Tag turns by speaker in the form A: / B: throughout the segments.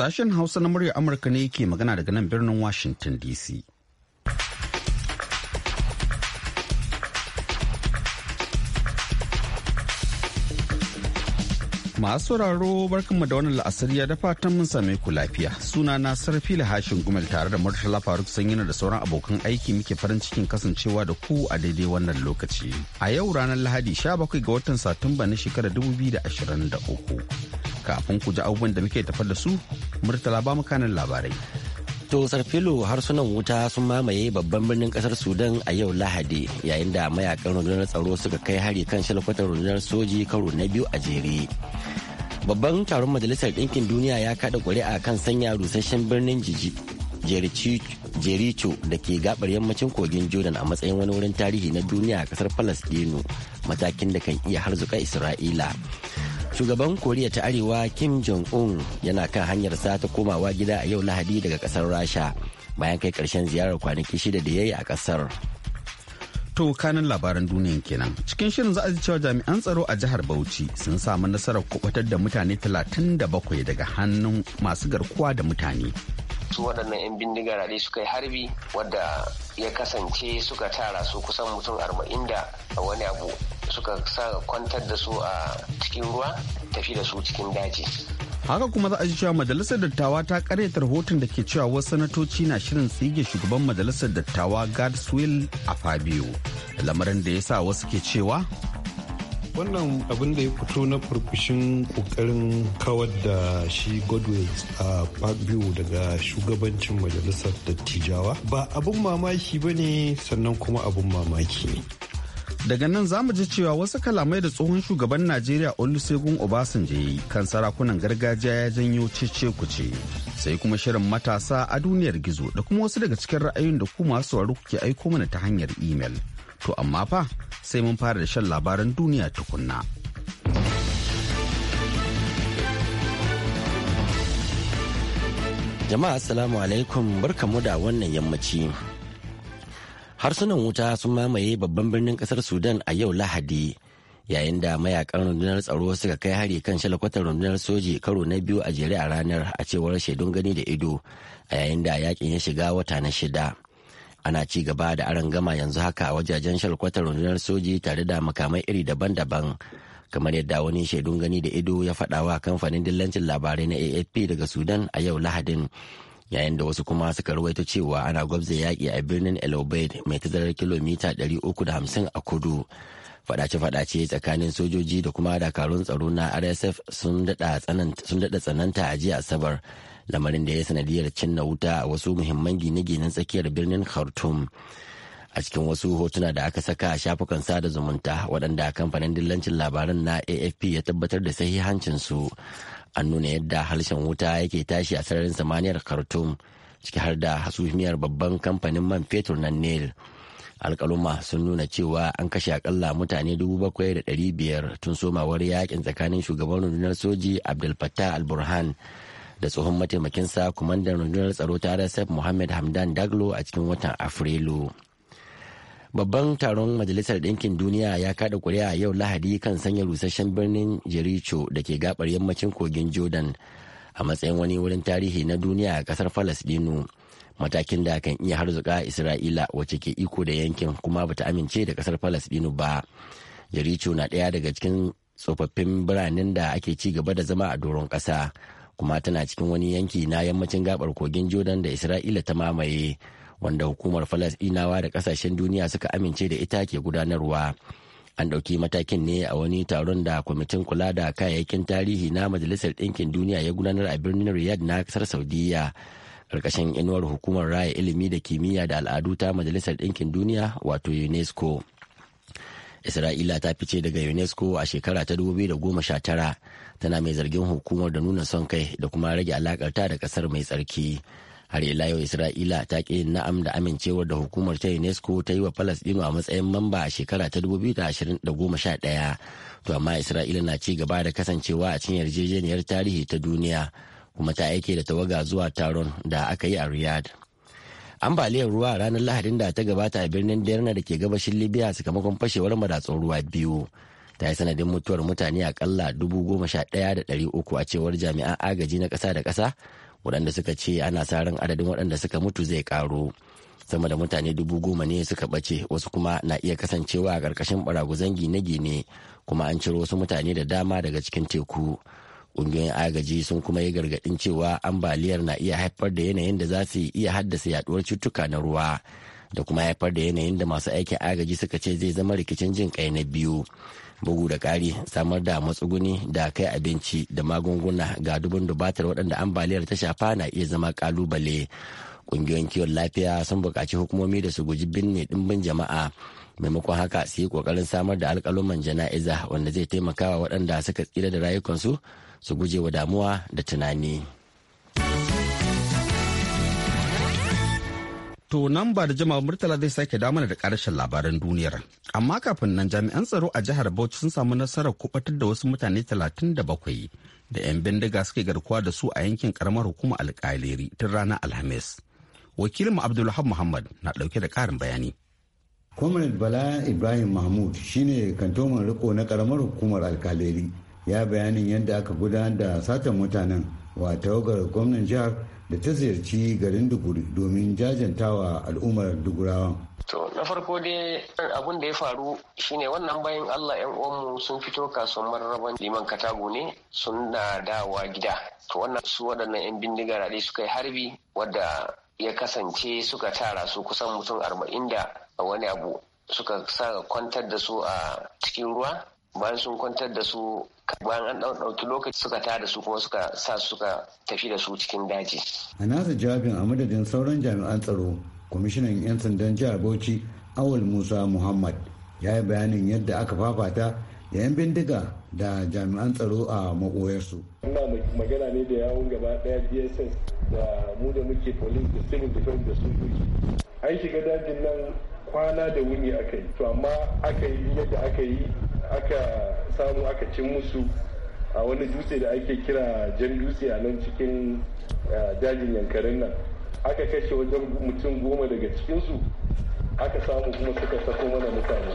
A: Sashen Hausa na murya Amurka ne ke magana daga nan birnin Washington DC. Masu sauraro barkanmu da wannan ya dafa ta mun same ku lafiya. Suna na sarfi hashin gumel tare da Murtala Faruk Sanyina da sauran abokan aiki muke farin cikin kasancewa da ku a daidai wannan lokaci. A yau ranar Lahadi 17 ga watan Satumba na shekarar 2023. kafin
B: ku ji abubuwan da muke tafar da su murtala ba makanan labarai to sarfilo harsunan wuta sun mamaye babban birnin kasar sudan a yau lahadi yayin da mayakan rundunar tsaro suka kai hari kan shalkwatar rundunar soji karo na biyu a jere babban taron majalisar ɗinkin duniya ya kaɗa ƙuri'a kan sanya rusasshen birnin jericho da ke gabar yammacin kogin jordan a matsayin wani wurin tarihi na duniya a kasar palestino matakin da kan iya harzuka isra'ila shugaban koriya ta arewa kim jong-un yana kan hanyarsa ta komawa gida a yau lahadi daga kasar rasha bayan kai karshen ziyarar kwanaki shida da yayi a kasar
A: to kanin labaran duniyan kenan cikin shirin za a ji cewa jami'an tsaro a jihar bauchi sun samu nasarar kubatar da mutane 37 daga hannun masu garkuwa da mutane
B: su waɗannan 'yan bindiga ne suka yi harbi wadda ya kasance suka tara su kusan mutum arba'in da wani abu suka sa kwantar da su a cikin ruwa tafi da su cikin daji
A: haka kuma za a ji cewa majalisar dattawa ta karyata rahoton da ke cewa wasu sanatoci na shirin tsige shugaban majalisar dattawa gadswill a fabio lamarin da ya sa wasu ke cewa
C: wannan abin da ya fito na furfushin kokarin kawar da shi godwin a biyu daga shugabancin majalisar dattijawa ba abin mamaki ba ne sannan kuma abin mamaki ne daga nan za
A: mu ji cewa wasu kalamai da tsohon shugaban najeriya olusegun obasanjo yi kan sarakunan gargajiya ya janyo cece ce, sai kuma shirin matasa a duniyar gizo da kuma wasu daga cikin ra'ayoyin da ku masu kuke aiko mana ta hanyar imel. To amma fa sai mun fara da shan labaran duniya tukunna.
B: Jama'a Assalamu alaikum barkamu da wannan yammaci. Harsunan wuta sun mamaye babban birnin kasar Sudan a yau Lahadi. yayin da mayakan rundunar tsaro suka kai hari kan shalakwatar rundunar soji karo na biyu a jere a ranar a cewar shaidun gani da ido a yayin da yakin ya shiga wata na shida ana ci gaba da gama yanzu haka a wajajen shalkwatar rundunar soji tare da makamai iri daban-daban kamar yadda wani shaidun gani da ido ya faɗa wa kamfanin dillancin labarai na afp daga sudan a yau lahadin yayin da wasu kuma suka ruwaito cewa ana gwabza yaƙi a birnin el mai tazarar kilomita 350 a kudu faɗace-faɗace tsakanin sojoji da kuma dakarun tsaro na rsf sun daɗa tsananta a jiya asabar lamarin da ya sanadiyar cinna wuta a wasu muhimman gine-ginen tsakiyar birnin khartoum a cikin wasu hotuna da aka saka a shafukan sada zumunta waɗanda kamfanin dillancin labaran na afp ya tabbatar da sahihancinsu an nuna yadda harshen wuta yake tashi a sararin samaniyar khartoum ciki har da hasumiyar babban kamfanin man fetur na nil alkaluma sun nuna cewa an kashe akalla mutane 7,500 tun somawar yakin tsakanin shugaban rundunar soji abdul fattah al-burhan da tsohon mataimakinsa kwamandan rundunar tsaro ta rsf muhammad hamdan daglo a cikin watan afrilu babban taron majalisar ɗinkin duniya ya kada kuri'a yau lahadi kan sanya rusasshen birnin jericho da ke gabar yammacin kogin jordan a matsayin wani wurin tarihi na duniya a kasar dinu matakin da kan iya harzuka isra'ila wacce ke iko da yankin kuma bata amince da kasar dinu ba jericho na ɗaya daga cikin tsofaffin biranen da ake ci gaba da zama a doron ƙasa kuma tana cikin wani yanki na yammacin gabar kogin jordan da isra'ila ta mamaye wanda hukumar falasɗinawa da kasashen duniya suka amince da ita ke gudanarwa an ɗauki matakin ne a wani taron da kwamitin kula da kayayyakin tarihi na majalisar ɗinkin duniya ya gudanar a birnin riyadh na ƙasar saudiya ƙarƙashin inuwar hukumar raya ilimi da kimiyya da al'adu ta majalisar ɗinkin duniya wato unesco isra'ila ta fice daga unesco a shekara ta 2019 tana mai zargin hukumar da nuna son kai da kuma rage alakarta da kasar mai tsarki har ila yau isra'ila ta ƙi na'am da amincewar da hukumar ta unesco ta yi wa palestino a matsayin mamba a shekara ta 2011 to amma isra'ila na ci gaba da kasancewa a cikin yarjejeniyar tarihi ta duniya kuma ta aike da tawaga zuwa taron da aka yi a riyadh ambaliyar ruwa a ranar lahadin da ta gabata a birnin derna da ke gabashin libya sakamakon fashewar madatsun ruwa biyu ta yi sanadin mutuwar mutane akalla dubu goma sha ɗaya da ɗari uku a cewar jami'an agaji na kasa da kasa waɗanda suka ce ana sa ran adadin waɗanda suka mutu zai karu sama da mutane dubu goma ne suka ɓace wasu kuma na iya kasancewa a ƙarƙashin ɓaraguzan gine-gine kuma an ciro wasu mutane da dama daga cikin teku ƙungiyoyin agaji sun kuma yi gargadin cewa ambaliyar na iya haifar da yanayin da za su iya haddasa yaduwar cutuka na ruwa da kuma haifar da yanayin da masu aikin agaji suka ce zai zama rikicin jin kai na biyu bugu da kari samar da matsuguni da kai abinci da magunguna ga dubun dubatar waɗanda ambaliyar ta shafa na iya zama kalubale ƙungiyoyin kiwon lafiya sun buƙaci hukumomi da su guji binne ɗimbin jama'a maimakon haka su yi ƙoƙarin samar da alƙaluman jana'iza wanda zai taimakawa waɗanda suka tsira da rayukansu su guje wa damuwa da tunani.
A: To nan ba da jama'a Murtala zai sake damar da karshen labaran duniyar. Amma kafin nan jami'an tsaro a jihar Bauchi sun samu nasarar kubatar da wasu mutane 37 da 'yan bindiga suke garkuwa da su a yankin karamar hukumar alkaleri tun ranar Alhamis. Wakilin Abdulhab Muhammad na ɗauke da ƙarin bayani.
D: Comrade Bala Ibrahim Mahmud shine kantoman riko na karamar hukumar alkaleri. ya bayanin yadda aka gudanar da satan mutanen wa tawagar gwamnan jihar da ta ziyarci garin duguri domin jajantawa al'ummar dugurawan. To
B: na farko dai abun da ya faru shine wannan bayan Allah yan uwanmu sun fito kasuwar mararraban liman katago ne sun na dawa gida. To wannan su waɗannan yan bindiga da suka yi harbi wadda ya kasance suka tara su kusan mutum arba'in da wani abu suka sa kwantar da su a cikin ruwa bayan sun kwantar da su bayan an ɗauki lokaci suka ta da su kuma suka sa suka tafi da su cikin daji.
D: A nasa jawabin a madadin sauran jami'an tsaro kwamishinan 'yan sandan jihar Bauchi Awul Musa Muhammad ya yi bayanin yadda aka fafata da 'yan bindiga da jami'an tsaro a maɓoyarsu.
E: Ina magana
C: ne da yawon gaba ɗaya DSS da mu da muke police da civil defense da sojoji. An shiga dajin nan kwana da wuni aka yi to amma aka yi yadda aka yi aka samu aka cin musu a wani dutse da ake kira jan dutse a nan cikin eh, dajin yankarin nan aka kashe wajen mutum goma daga cikinsu aka samu kuma suka sako mana mutane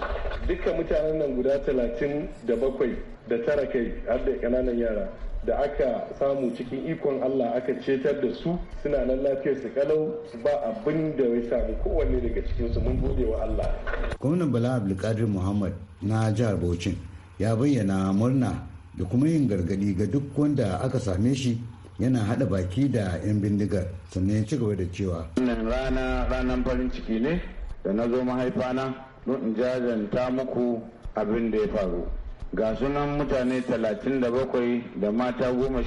C: dukkan mutanen nan guda talatin da bakwai da tara kai har da kananan yara da aka samu cikin ikon Allah aka cetar da su suna nan lafiyar su kalau ba abin da ya samu kowanne daga cikin su mun gode wa Allah.
D: Gwamnan Bala Abdulkadir Muhammad na jihar Bauchi ya bayyana murna da kuma yin gargadi ga duk wanda aka same shi yana hada baki da 'yan bindigar sannan ya ci gaba da cewa.
F: Wannan rana ranar farin ciki ne da na zo mahaifana don in jajanta muku abin da ya faru ga sunan mutane 37 da mata 12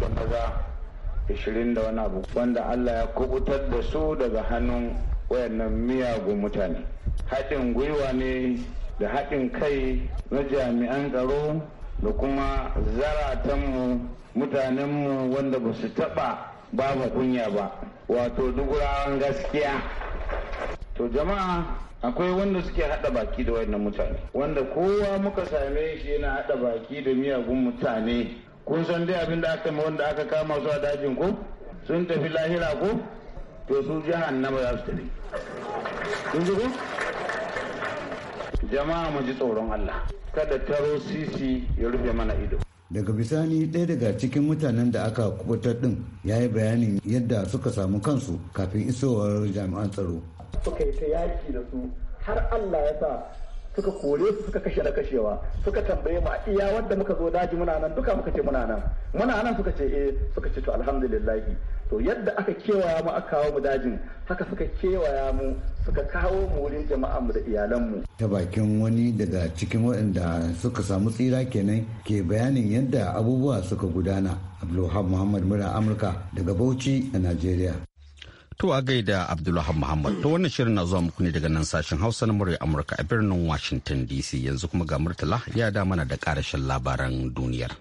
F: da maza 20 da wani abu wanda allah ya kubutar da su daga hannun wayannan miyagun mutane haɗin gwiwa ne da haɗin kai na jami'an tsaro da kuma zaratanmu mutanenmu wanda ba su taɓa babu kunya ba wato duk gaskiya to jama'a akwai wanda suke hada baki da wayannan mutane wanda kowa muka same shi yana hada baki da miyagun mutane kun san dai abin da aka ma wanda aka kama su a dajin ko sun tafi lahira ko to su jahannama za su tafi kun ji ko jama'a mu ji tsoron Allah kada taro sisi ya rufe mana ido
D: daga bisani ɗaya daga cikin mutanen da aka kubutar ɗin ya yi bayanin yadda suka samu kansu kafin isowar jami'an tsaro
G: suka yi ta yaki da su har Allah ya sa suka kore su suka kashe na
A: kashewa suka tambaye mu a iya wanda muka zo daji muna nan duka muka ce muna nan muna nan suka ce eh suka ce to alhamdulillah to yadda aka kewaya mu aka kawo mu dajin haka suka kewaya
E: mu suka kawo mu wurin jama'an mu da iyalan mu
D: ta bakin wani daga cikin waɗanda suka samu tsira kenan ke bayanin yadda abubuwa suka gudana Abdulhamid Muhammad Mura Amurka daga Bauchi a Najeriya
A: To a gaida Abdullahi Muhammad to wannan shirin na zuwa muku ne daga nan sashen Hausa na murya Amurka a birnin Washington DC yanzu kuma ga
B: Murtala ya da mana da karashin labaran duniyar.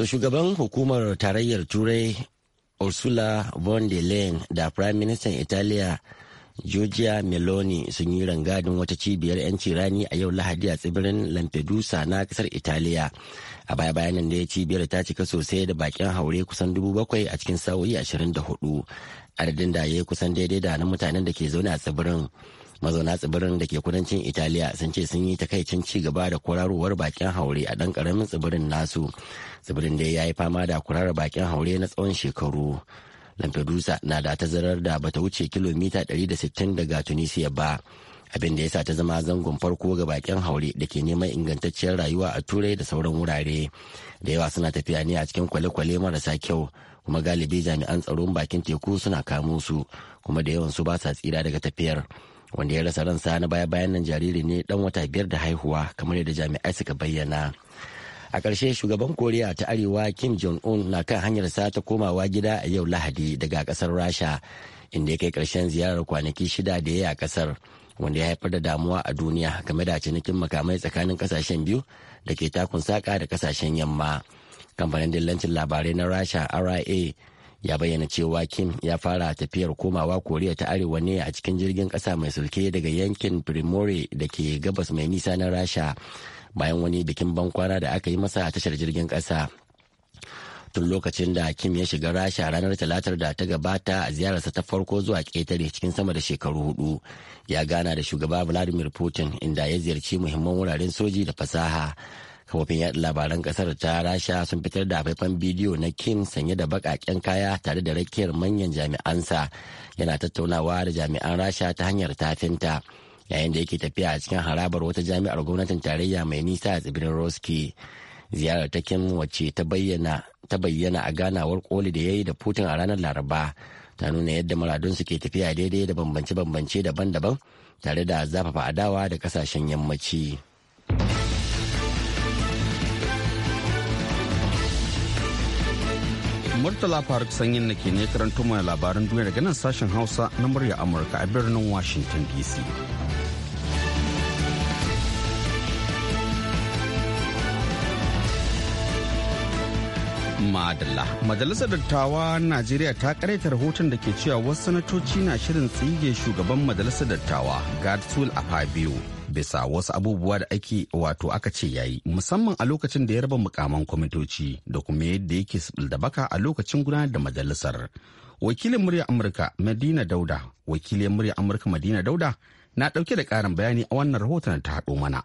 B: To shugaban hukumar tarayyar Turai Ursula von der Leyen da Prime Minister Italiya Giorgia Meloni sun yi rangadin wata cibiyar 'yanci rani a yau Lahadi a tsibirin Lampedusa na kasar Italiya. A baya bayanan da ya cibiyar ta cika sosai da bakin haure kusan dubu bakwai a cikin sa'o'i 24. adadin da ya yi kusan daidai da na mutanen da ke zaune a tsibirin mazauna tsibirin da ke kudancin italiya sun ce sun yi takaicin ci gaba da kurarowar bakin haure a ɗan ƙaramin tsibirin nasu tsibirin da ya yi fama da kurar bakin haure na tsawon shekaru lampedusa na da tazarar da bata wuce kilomita 160 daga tunisia ba abin da ya sa ta zama zangon farko ga bakin haure da ke neman ingantacciyar rayuwa a turai da sauran wurare da yawa suna tafiya ne a cikin kwale-kwale marasa kyau kuma galibi jami'an tsaron bakin teku suna kamo su kuma da yawan su ba sa tsira daga tafiyar wanda ya rasa ransa na baya-bayan nan jariri ne dan wata biyar da haihuwa kamar yadda jami'ai suka bayyana a ƙarshe shugaban koriya ta arewa kim jong-un na kan hanyar sa ta komawa gida a yau lahadi daga ƙasar rasha inda ya kai ƙarshen ziyarar kwanaki shida da ya yi a ƙasar wanda ya haifar da damuwa a duniya game da cinikin makamai tsakanin kasashen biyu da ke takun saka da kasashen yamma kamfanin dillancin labarai na rasha ria ya bayyana cewa kim ya fara tafiyar komawa koriya ta arewa ne a cikin jirgin kasa mai sulke daga yankin primore da ke gabas mai nisa na rasha bayan wani bikin bankwana da aka yi masa a tashar jirgin kasa tun lokacin da kim ya shiga rasha ranar talatar da ta gabata a ziyararsa ta farko zuwa ƙetare cikin sama da shekaru hudu ya gana da shugaba vladimir putin inda ya ziyarci muhimman wuraren soji da fasaha kafofin yaɗa labaran ƙasar ta rasha sun fitar da faifan bidiyo na kim sanye da baƙaƙen kaya tare da rakiyar manyan jami'ansa yana tattaunawa da jami'an rasha ta hanyar tafinta yayin da yake tafiya a cikin harabar wata jami'ar gwamnatin tarayya mai nisa a tsibirin roski ziyarar ta kim wacce ta bayyana a ganawar koli da ya yi da putin a ranar laraba ta nuna yadda su ke tafiya daidai da bambance-bambance daban-daban tare da zafafa adawa da kasashen yammaci.
A: Murtala Faruk Sanyin na ke ne karanto mai labaran duniya daga nan sashen Hausa na murya Amurka a birnin Washington DC. Madalla. Majalisar Dattawa Najeriya ta karaita rahoton da ke cewa wasu sanatoci na shirin tsige shugaban Majalisar Dattawa Gadsul Afabio bisa wasu abubuwa da ake wato aka ce yayi musamman a lokacin da ya raba mukaman kwamitoci da kuma yadda yake da baka a lokacin gudanar da majalisar. Wakilin murya Amurka Madina Dauda, wakilin murya Amurka Madina Dauda na dauke da karin bayani a wannan rahoton ta haɗo mana.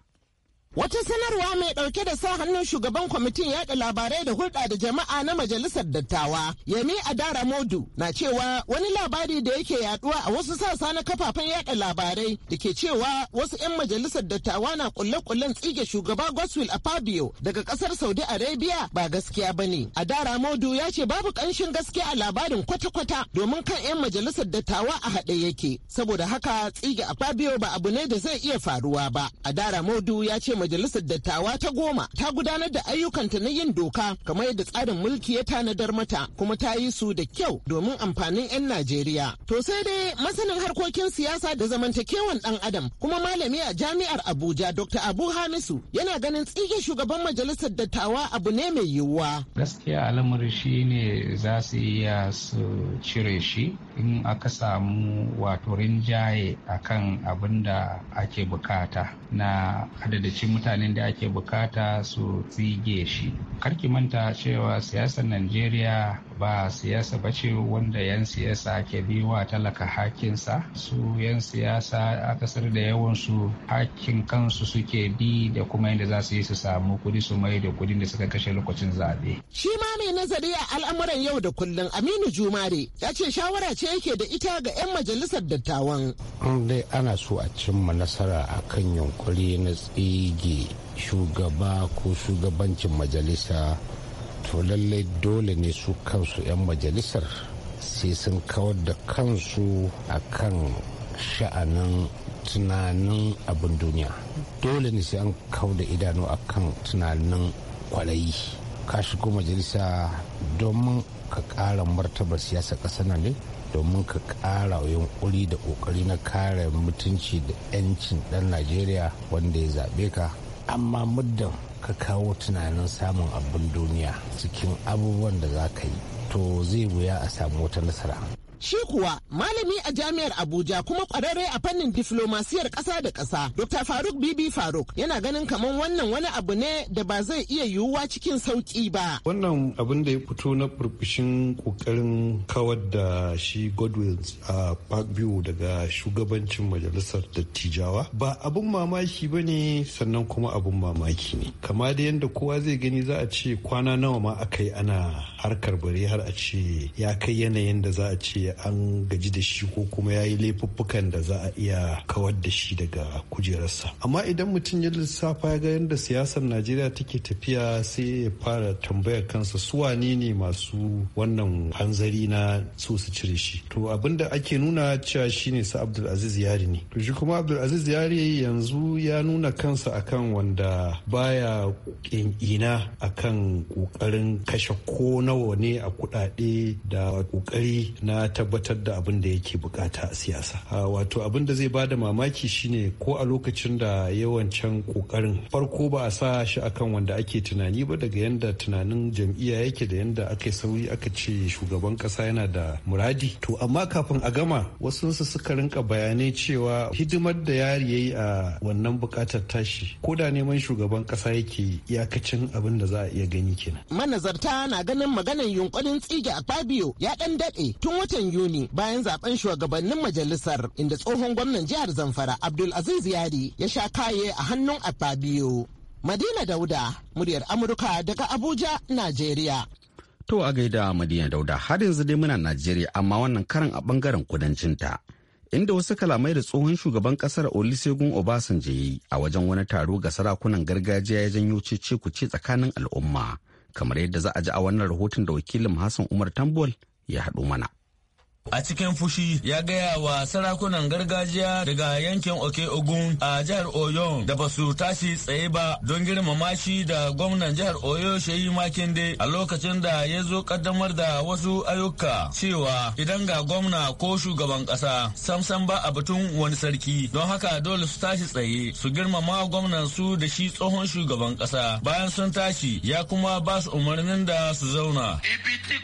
H: Wata sanarwa mai ɗauke da sa hannun shugaban kwamitin yaɗa labarai da hulɗa da jama'a na majalisar dattawa Yemi Adara Modu na cewa wani labari da yake yaɗuwa a wasu sassa na kafafen yaɗa labarai da ke cewa wasu 'yan majalisar dattawa na kulle-kullen tsige shugaba Goswil a Fabio daga ƙasar Saudi Arabia ba gaskiya ba ne. Adara Modu ya ce babu ƙanshin gaskiya a labarin kwata-kwata domin kan 'yan majalisar dattawa a haɗe yake. Saboda haka tsige a Fabio ba abu ne da zai iya faruwa ba. Adara Modu ya ce majalisar dattawa ta goma ta gudanar da ayyukanta na yin doka kamar yadda tsarin mulki ya tanadar mata kuma ta yi su da kyau domin amfanin 'yan Najeriya. To sai dai masanin harkokin siyasa da zamantakewan dan adam kuma malami a jami'ar Abuja Dr. Abu Hamisu yana ganin tsige shugaban majalisar dattawa abu ne mai yiwuwa.
E: Gaskiya al'amari
A: shi ne za su iya su cire shi in aka samu wato rinjaye kan abin da ake bukata na adadacin mutanen da ake bukata su tsige shi karki manta cewa siyasar najeriya ba siyasa ba ce wanda 'yan siyasa ke biwa talaka hakinsa su 'yan siyasa a kasar da yawansu hakin kansu suke bi da kuma yadda za su yi su samu kudi su mai da kudin da suka kashe lokacin zaɓe.
H: shi ma mai nazari a al'amuran yau da kullum aminu jumare ya ce shawara ce yake da ita ga 'yan majalisar dattawan.
A: in dai ana so a cimma nasara akan yunkuri na tsige shugaba ko shugabancin majalisa to lallai dole ne su kansu 'yan majalisar sai sun kawar da kansu a kan sha'anin tunanin abin duniya dole ne sai an kawar da idanu a kan tunanin kwalayi ka shigo majalisa domin ka ƙara martabar siyasa ƙasa nan ne domin ka ƙara yunƙuri da ƙoƙari na kare mutunci da 'yancin ɗan najeriya wanda ya zaɓe ka amma muddin ka kawo tunanin samun abin duniya cikin abubuwan da za ka yi to zai wuya a samu wata nasara
H: Shi kuwa malami a jami'ar Abuja kuma kwararre a fannin diflomasiyar kasa da kasa Dr. Faruk Bibi Faruk yana ganin kamar wannan wani abu ne da ba zai iya yiwuwa cikin sauki ba.
C: Wannan abin da ya fito na burbushin kokarin kawar da shi Godwin a Parkview daga shugabancin majalisar dattijawa ba abin mamaki ba ne sannan kuma abin mamaki ne. Kama da yadda kowa zai gani za a ce kwana nawa ma aka yi ana harkar bare har a ce ya kai yanayin da za a ce an gaji da shi ko kuma ya yi laifuffukan da za a iya kawar da shi daga kujerarsa amma idan mutum ya lissafa ya ga yadda siyasar najeriya take tafiya sai ya fara tambayar kansa su wane ne masu wannan hanzari na so su cire shi to abin da ake nuna cewa shi ne su abdulaziz yari ne to shi kuma abdulaziz yari yanzu ya nuna kansa akan wanda baya kinkina akan kokarin kashe ko nawa ne a kudade da kokari na tabbatar da abin da yake bukata a siyasa wato abin da zai ba da mamaki shine ko a lokacin da yawan can kokarin farko ba a sa shi akan wanda ake tunani ba daga yanda tunanin jam'iyya yake da yanda aka sauri aka ce shugaban kasa yana da muradi to amma kafin a gama wasu su suka rinka bayanai cewa hidimar da yari yayi a wannan bukatar tashi ko da neman shugaban kasa yake iyakacin abin da za a iya gani kenan
H: manazarta na ganin maganar yunkurin tsige a fabio ya dan dade tun watan Yuni bayan zaben shugabannin majalisar inda tsohon gwamnan jihar Zamfara Abdul Aziz Yari ya sha kaye a hannun Abba Madina Dauda, muryar Amurka daga Abuja, Najeriya. To a
A: gaida Madina Dauda, har yanzu dai muna Najeriya amma wannan karan a bangaren kudancin ta. Inda wasu kalamai da tsohon shugaban kasar Olusegun Obasanjo yi a wajen wani taro ga sarakunan gargajiya ya janyo cece ce tsakanin al'umma. Kamar yadda za a ji a wannan rahoton da wakilin Hassan Umar Tambol ya haɗu mana.
F: A cikin fushi ya gaya wa sarakunan gargajiya daga yankin Oke Ogun a jihar Oyo da ba su tashi tsaye ba don girmama shi da gwamnan jihar Oyo shayi Makinde a lokacin da ya zo kaddamar da wasu ayyuka cewa idan ga gwamna ko shugaban kasa samsam ba a batun wani sarki don haka dole su tashi tsaye su girmama gwamnan su da shi tsohon shugaban ƙasa, bayan sun tashi ya kuma ba su umarnin da su zauna. Ibi tí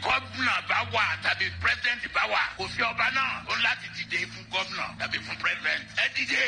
F: Gwamna kò sí ọba náà ó láti dìde fún gómìnà tàbí fún president ẹ dìde.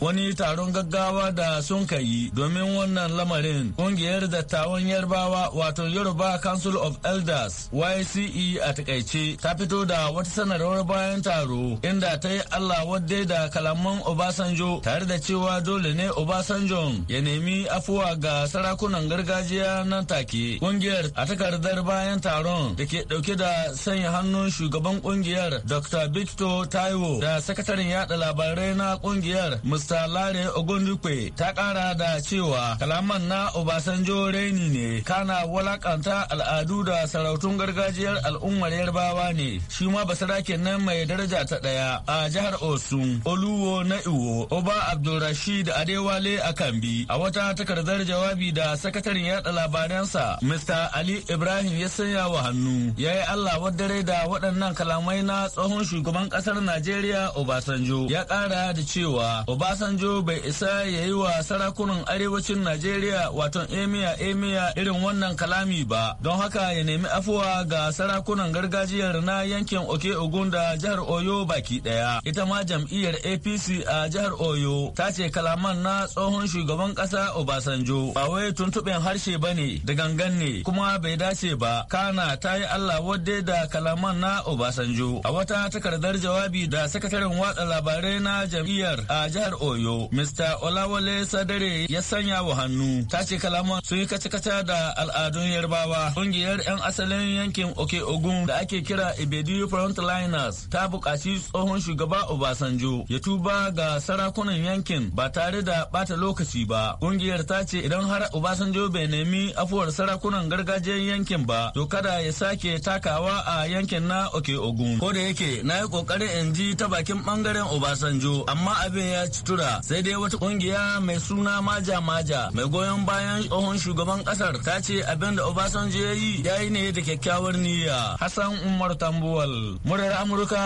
F: Wani taron gaggawa da sun yi domin wannan lamarin kungiyar dattawan yarbawa wato Yoruba Council of Elders YCE a takaice ta fito da wata sanarwar bayan taro inda ta yi Allah wadde da kalaman Obasanjo tare da cewa dole ne Obasanjo ya nemi afuwa ga sarakunan gargajiya nan take. Kungiyar a takardar bayan taron da ke dauke da sanya hannun shugaban kungiyar Dr. Victor Taiwo da sakataren yada labarai na kungiyar jaridar Mr. Lare Ogundukwe ta kara da cewa kalaman na Obasanjo reni ne kana walakanta al'adu da sarautun gargajiyar al'ummar Yarbawa ne shi ma basaraken nan mai daraja ta ɗaya. a jihar Osun Oluwo na Iwo Oba Abdulrashid Adewale Akambi a wata takardar jawabi da sakataren yada labaransa Mr. Ali Ibrahim ya sanya wa hannu ya yi Allah wadare da waɗannan kalamai na tsohon shugaban ƙasar Najeriya Obasanjo ya ƙara da cewa Obasanjo bai isa ya yi wa sarakunan arewacin Najeriya waton emiya emiya irin wannan kalami ba don haka ya nemi afuwa ga sarakunan gargajiyar na yankin Oke Ogun da jihar Oyo baki ɗaya. Ita ma jam'iyyar APC a jihar Oyo ta ce kalaman na tsohon shugaban kasa Obasanjo ba wai tuntuɓen harshe ba ne da gangan ne kuma bai dace ba kana ta yi Allah wadde da kalaman na Obasanjo. A wata takardar jawabi da sakataren watsa labarai na jam'iyyar a a jihar Oyo, Mr. Olawale Sadare ya sanya wa hannu. Ta ce kalaman sun yi kace-kace da al'adun Yarbawa. Kungiyar 'yan asalin yankin Oke Ogun da ake kira Ibediyu Frontliners ta buƙaci tsohon shugaba Obasanjo ya tuba ga sarakunan yankin ba tare da bata lokaci ba. Kungiyar ta ce idan har Obasanjo bai nemi afuwar sarakunan gargajiyar yankin ba, to kada ya sake takawa a yankin na Oke Ogun. Ko da yake na yi ƙoƙarin in ji ta bakin ɓangaren Obasanjo, amma abin ya ci sai dai wata kungiya mai suna maja maja mai goyon bayan tsohon shugaban kasar ta ce abin da obasanjo ya yi ya yi ne da kyakkyawar niyya hassan umar tambuwal murar amurka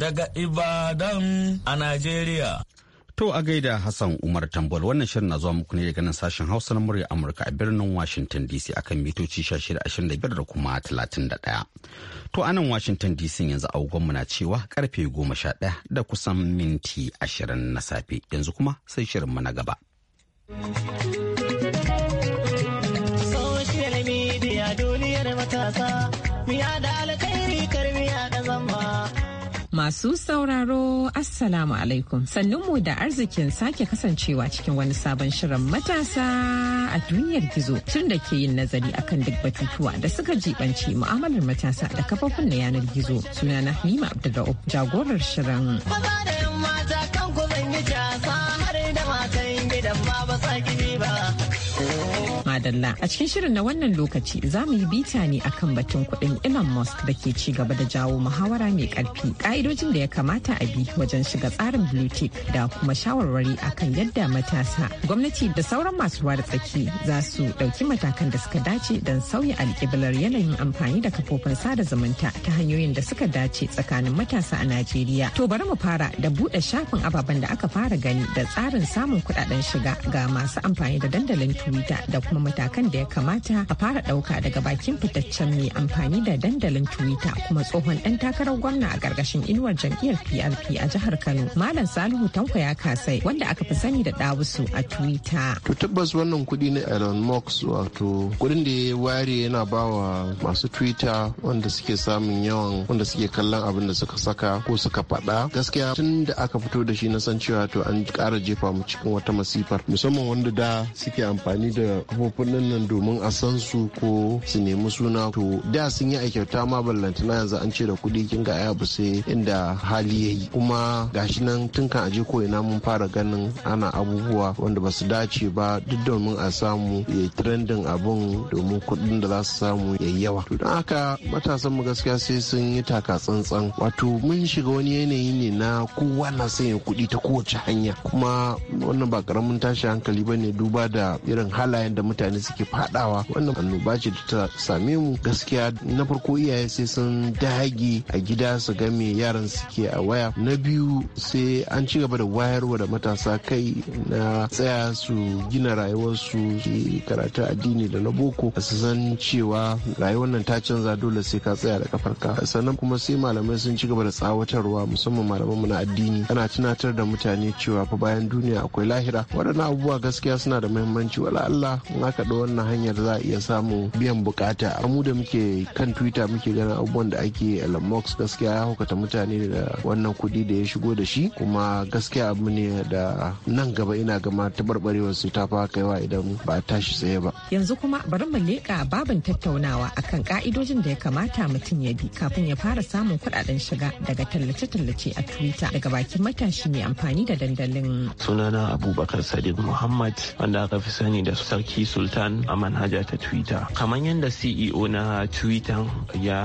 F: daga ibadan a nigeria.
A: To a gaida Hassan Umar tambuwal wannan shirin na zuwa muku ne daga nan sashen Hausa na murya Amurka a birnin Washington DC akan mitoci 1625 da kuma 31. To anan Washington DC yanzu agogonmu na cewa karfe goma sha ɗaya da kusan minti ashirin na safe yanzu kuma sai shirinmu na gaba.
I: Masu sauraro Assalamu alaikum sannunmu da arzikin sake kasancewa cikin wani sabon shirin matasa a duniyar gizo tun da ke yin nazari akan duk batutuwa da suka jibanci mu'amalar matasa da kafofin na yanar gizo sunana halima Abdulrahman jagorar shirin. madalla. A cikin shirin na wannan lokaci za mu yi bita ne a kan batun kuɗin Elon Musk da ke ci gaba da jawo muhawara mai ƙarfi. Ƙa'idojin da ya kamata a bi wajen shiga tsarin Blue Tick da kuma shawarwari akan yadda matasa, gwamnati da sauran masu ruwa da tsaki za su ɗauki matakan da suka dace don sauya alƙiblar yanayin amfani da kafofin sada zumunta ta hanyoyin da suka dace tsakanin matasa a Najeriya. To bari mu fara da buɗe shafin ababen da aka fara gani da tsarin samun kuɗaɗen shiga ga masu amfani da dandalin Twitter da kuma matasa. matakan da ya kamata a fara ɗauka daga bakin fitaccen mai amfani da dandalin Twitter kuma tsohon ɗan takarar gwamna a gargashin inuwar jam'iyyar PRP a jihar Kano. Malam Salihu Tanko ya kasai wanda aka fi sani da Dawusu a Twitter. To tabbas
E: wannan kudi ne Elon Musk wato kuɗin da ya ware yana bawa masu Twitter wanda suke samun yawan wanda suke kallon abin da suka saka ko suka faɗa. Gaskiya tun da aka fito da shi na san cewa to an kara jefa mu cikin wata masifar musamman wanda da suke amfani da abubuwan filin nan domin a san su ko su nemi suna to da sun yi a kyauta ma na yanzu an ce da kuɗi kin ga aya sai inda hali ya yi kuma gashi nan tun kan aje ko ina mun fara ganin ana abubuwa wanda ba su dace ba duk domin a samu ya trendin abun domin kuɗin da za su samu ya yi yawa to don haka matasan mu gaskiya sai sun yi taka tsantsan wato mun shiga wani yanayi ne na kowa na sanya kuɗi ta kowace hanya kuma wannan ba karamin tashi hankali ba ne duba da irin halayen da mutane suke fadawa wannan annoba ce da ta same mu gaskiya na farko iyaye sai sun dage a gida su ga me yaran suke a waya na biyu sai an ci gaba da wayarwa da matasa kai na tsaya su gina rayuwarsu karatu addini da na boko su san cewa rayuwar nan ta canza dole sai ka tsaya da kafarka sannan kuma sai malamai sun ci gaba da tsawatarwa musamman mu na addini ana tunatar da mutane cewa fa bayan duniya akwai lahira waɗannan abubuwa gaskiya suna da muhimmanci wala Allah in aka buɗe wannan hanyar za a iya samu biyan bukata a mu da muke kan twitter muke ganin abubuwan da ake elon musk gaskiya ya hukata mutane da wannan kudi da ya shigo da shi kuma gaskiya abu ne da nan gaba ina gama tabarbarewar su ta fa kaiwa idan ba tashi tsaye ba
I: yanzu kuma bari mu leƙa babin tattaunawa akan ka'idojin da ya kamata mutum ya bi kafin ya fara samun kuɗaɗen shiga daga tallace-tallace a twitter daga bakin matashi mai amfani da dandalin
G: sunana abubakar sadiq muhammad wanda aka fi sani da sarki sultan Khan a manhaja ta Twitter. Kamar yadda CEO na Twitter ya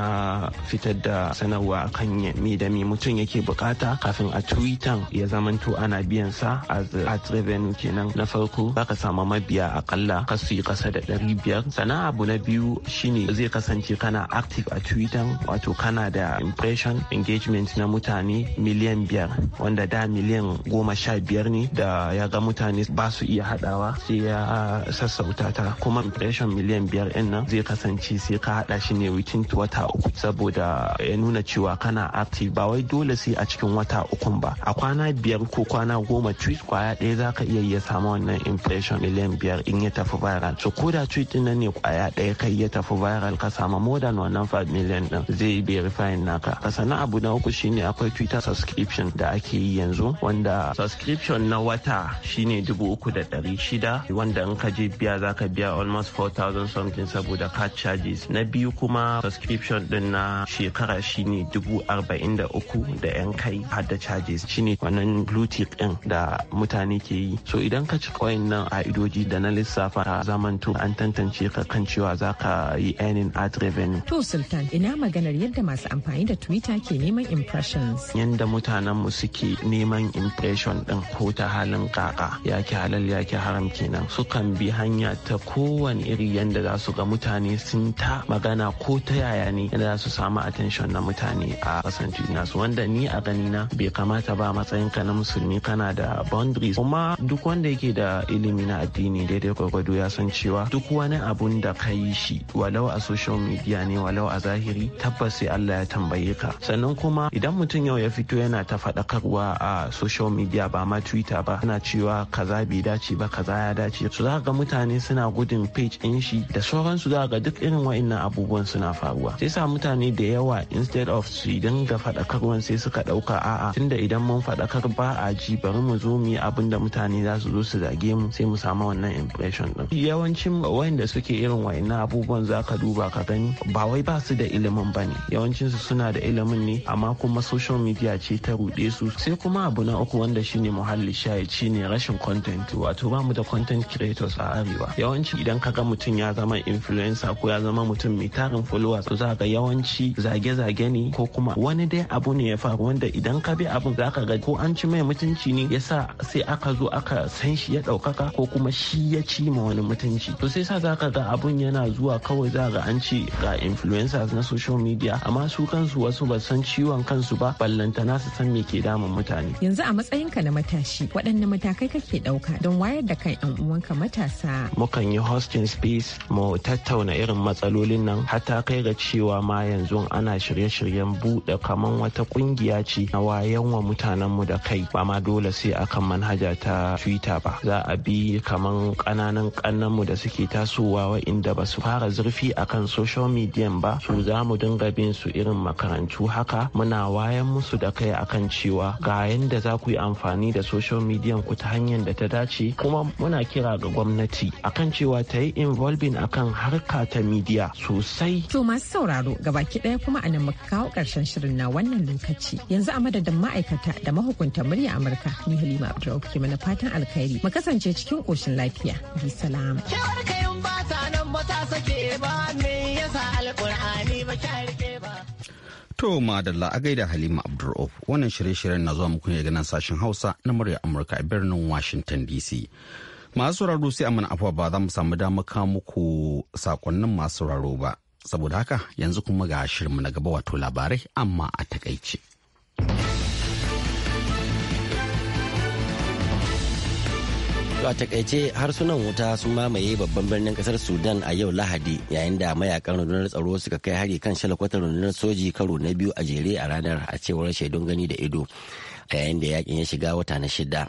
G: fitar da sanarwa kan me da me mutum yake bukata kafin a Twitter ya zamanto ana biyan sa as at revenue kenan na farko zaka samu mabiya akalla kasu yi kasa da ɗari biyar. Sannan abu na biyu shine zai kasance kana active a Twitter wato kana da impression engagement na mutane miliyan biyar wanda da miliyan goma sha biyar ne da ya ga mutane ba su iya hadawa sai ya sassauta ta kuma rashin miliyan biyar ɗin nan zai kasance sai ka haɗa shi ne wikin wata uku saboda ya nuna cewa kana active ba wai dole sai a cikin wata uku ba a kwana biyar ko kwana goma tweet kwaya ɗaya za ka iya iya samu wannan impression miliyan biyar in ya tafi viral so ko da tweet ɗin nan ne kwaya ɗaya kai ya tafi viral ka samu more than wannan 5 million ɗin zai verifying naka ka sana abu na uku shine akwai twitter subscription da ake yi yanzu wanda subscription na wata shine dubu uku da ɗari shida wanda in ka je biya za ka biya almost 4,000 something saboda card charges. Na biyu kuma subscription din na shekara shine dubu arba'in da uku da yan kai har da charges shine wannan blue tick din da mutane ke yi. So idan ka ci kawai nan a idoji da na lissafa a zamanto an tantance ka kan cewa za ka yi earning ad revenue.
I: To Sultan ina maganar yadda masu amfani da Twitter ke neman impressions.
G: yadda mutanen mu suke neman impression din ko ta halin kaka yake halal yake haram kenan. Sukan bi hanya ta kowane iri yadda za su ga mutane sun ta magana ko ta yaya ne yadda za su samu attention na mutane a kasan nasu wanda ni a ganina bai kamata ba matsayin ka na musulmi kana da boundaries kuma duk wanda yake da ilimi na addini daidai gwargwado ya san cewa duk wani abun da ka yi shi walau a social media ne walau a zahiri tabbas sai Allah ya tambaye ka sannan kuma idan mutum yau ya fito yana ta faɗakarwa a social media ba ma twitter ba ana cewa kaza bai dace ba kaza ya dace su za ga mutane suna ana gudun page ɗin shi da sauransu za ga duk irin wa'annan abubuwan suna faruwa sai sa mutane da yawa instead of su dinga faɗakarwan sai suka ɗauka a'a tunda idan mun faɗakar ba a ji bari mu zo mu yi abin da mutane za su zo su zage mu sai mu samu wannan impression ɗin yawancin wa'anda suke irin wa'annan abubuwan za ka duba ka gani ba wai ba su da ilimin ba ne yawancinsu suna da ilimin ne amma kuma social media ce ta ruɗe su sai kuma abu na uku wanda shine muhalli shaye shine rashin content wato ba mu da content creators a arewa yawanci idan ka ga mutum ya zama influencer ko ya zama mutum mai tarin followers to za ka yawanci zage-zage ne ko kuma wani dai abu ne ya faru wanda idan ka bi abin za ka ga ko an ci mai mutunci ne ya sa sai aka zo aka san shi ya ɗaukaka ko kuma shi ya ci ma wani mutunci to sai sa za ka ga abun yana zuwa kawai za ga an ci ga influencers na social media amma su kansu wasu ba san ciwon kansu ba ballantana su san me ke damun mutane
I: yanzu a matsayinka na matashi waɗanne matakai kake ɗauka don wayar da kan 'yan uwanka matasa
G: mukan yi hosting space mu tattauna irin matsalolin nan hata kai ga cewa ma yanzu ana shirye-shiryen buɗe kaman wata ƙungiya ce na wayan wa mutanen mu da kai ba ma dole sai akan manhaja ta twitter ba za a bi kaman ƙananan mu da suke tasowa wa'inda ba su fara zurfi akan social media ba su za mu dinga bin su irin makarantu haka muna wayan musu da kai akan cewa ga yanda za ku yi amfani da social media ku ta hanyar da ta dace kuma muna kira ga gwamnati akan cewa ta yi involving akan harka ta midiya sosai.
I: To masu sauraro gabaki ɗaya kuma a nan kawo ƙarshen shirin na wannan lokaci. Yanzu a madadin ma'aikata da mahukunta murya Amurka ni Halima Abdurrauf ke mana fatan alkhairi. Mu kasance cikin ƙoshin lafiya. Bi salam.
B: Kewar ba ta nan
A: To madalla a gaida Halima Abdur'uf wannan shirye-shiryen na zuwa muku ne ganin sashen Hausa na murya Amurka a birnin Washington DC. masu sauraro sai a mana afuwa ba za mu samu dama kawo muku sakonnin masu sauraro ba saboda haka yanzu kuma ga
B: shirinmu na gaba wato labarai amma a takaice. a takaice harsunan wuta sun mamaye babban birnin kasar sudan a yau lahadi yayin da mayakan rundunar tsaro suka kai hari kan shalakwatar rundunar soji karo na biyu a jere a ranar a cewar shaidun gani da ido a yayin da yakin ya shiga wata na shida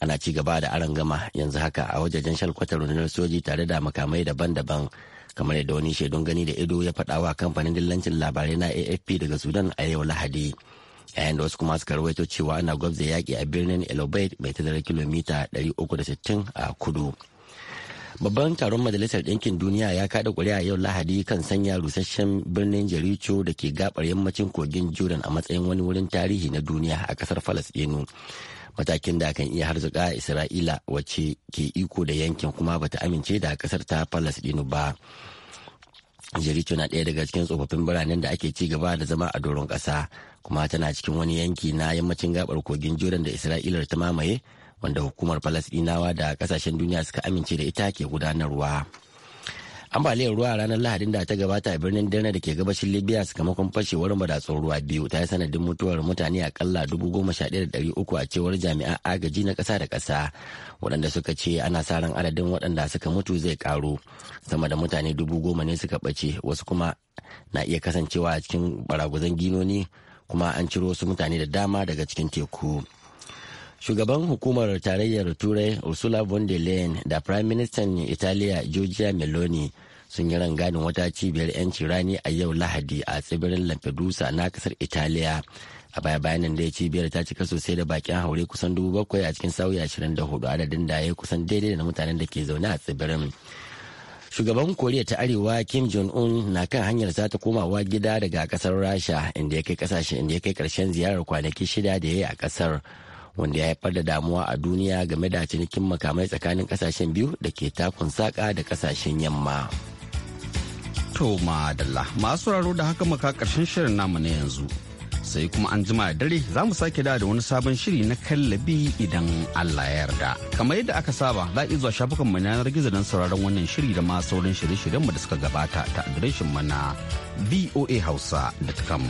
B: ana ci gaba da gama yanzu haka a wajajen shalkwatar rundunar soji tare da makamai daban-daban kamar yadda wani shaidun gani da ido ya faɗa wa kamfanin dillancin labarai na afp daga sudan a yau lahadi yayin da wasu kuma suka rawaito cewa ana gwabza yaƙi a birnin elobait mai tazarar kilomita 360 a kudu babban taron majalisar ɗinkin duniya ya kaɗa ƙuri'a yau lahadi kan sanya rusasshen birnin jericho da ke gabar yammacin kogin jordan a matsayin wani wurin tarihi na duniya a ƙasar falasɗinu matakin da kan iya harzuka isra'ila wacce ke iko da yankin kuma bata amince da kasar ta palestino ba jericho na ɗaya daga cikin tsofaffin biranen da ake ci gaba da zama a doron ƙasa kuma tana cikin wani yanki na yammacin gabar kogin jordan da isra'ila ta mamaye wanda hukumar falasɗinawa da ƙasashen duniya suka amince da ita ke gudanarwa. ambaliyar ruwa a ranar lahadin da ta gabata a birnin dana da ke gabashin libya sakamakon fashewar madatsun ruwa biyu ta yi sanadin mutuwar mutane akalla uku a cewar jami'an agaji na ƙasa da ƙasa waɗanda suka ce ana sa ran adadin waɗanda suka mutu zai ƙaru sama da mutane dubu goma ne suka ɓace wasu kuma na iya kasancewa a cikin baraguzan ginoni kuma an ciro wasu mutane da dama daga cikin teku. shugaban hukumar tarayyar turai ursula von der leyen da prime minister italiya giorgia meloni sun yi ranganin wata cibiyar 'yanci rani a yau lahadi a tsibirin lampedusa na kasar italiya a baya bayanan da cibiyar ta cika sosai da bakin haure kusan dubu bakwai a cikin sauya ashirin da hudu adadin da ya kusan daidai da mutanen da ke zaune a tsibirin shugaban koriya ta arewa kim jong un na kan hanyar ta komawa gida daga kasar rasha inda ya kai kasashe inda ya kai karshen ziyarar kwanaki shida da ya yi a kasar wanda ya haifar da damuwa a duniya game da cinikin makamai tsakanin kasashen biyu da ke takun saƙa da kasashen yamma. To madalla masu raro da haka
A: maka karshen shirin namu na yanzu sai kuma an jima da dare za mu sake da wani sabon shiri na kallabi idan Allah ya yarda. Kamar yadda aka saba za a zuwa shafukan mu yanar gizo don sauraron wannan shiri da ma sauran shirye-shiryen mu da suka gabata ta adireshin mu na voahausa.com.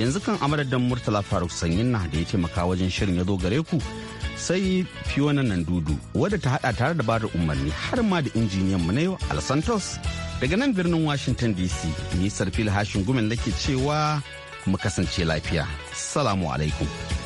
A: Yanzu kan amadadan Murtala Faruk Sanyin na da ya taimaka wajen shirin ya zo gare ku sai Fiona dudu wadda ta hada tare da bada umarni har ma da injiniyan mu na yau Al Santos daga nan birnin Washington DC. Ni Sarfil Hashin Gumen nake cewa mu kasance lafiya salamu alaikum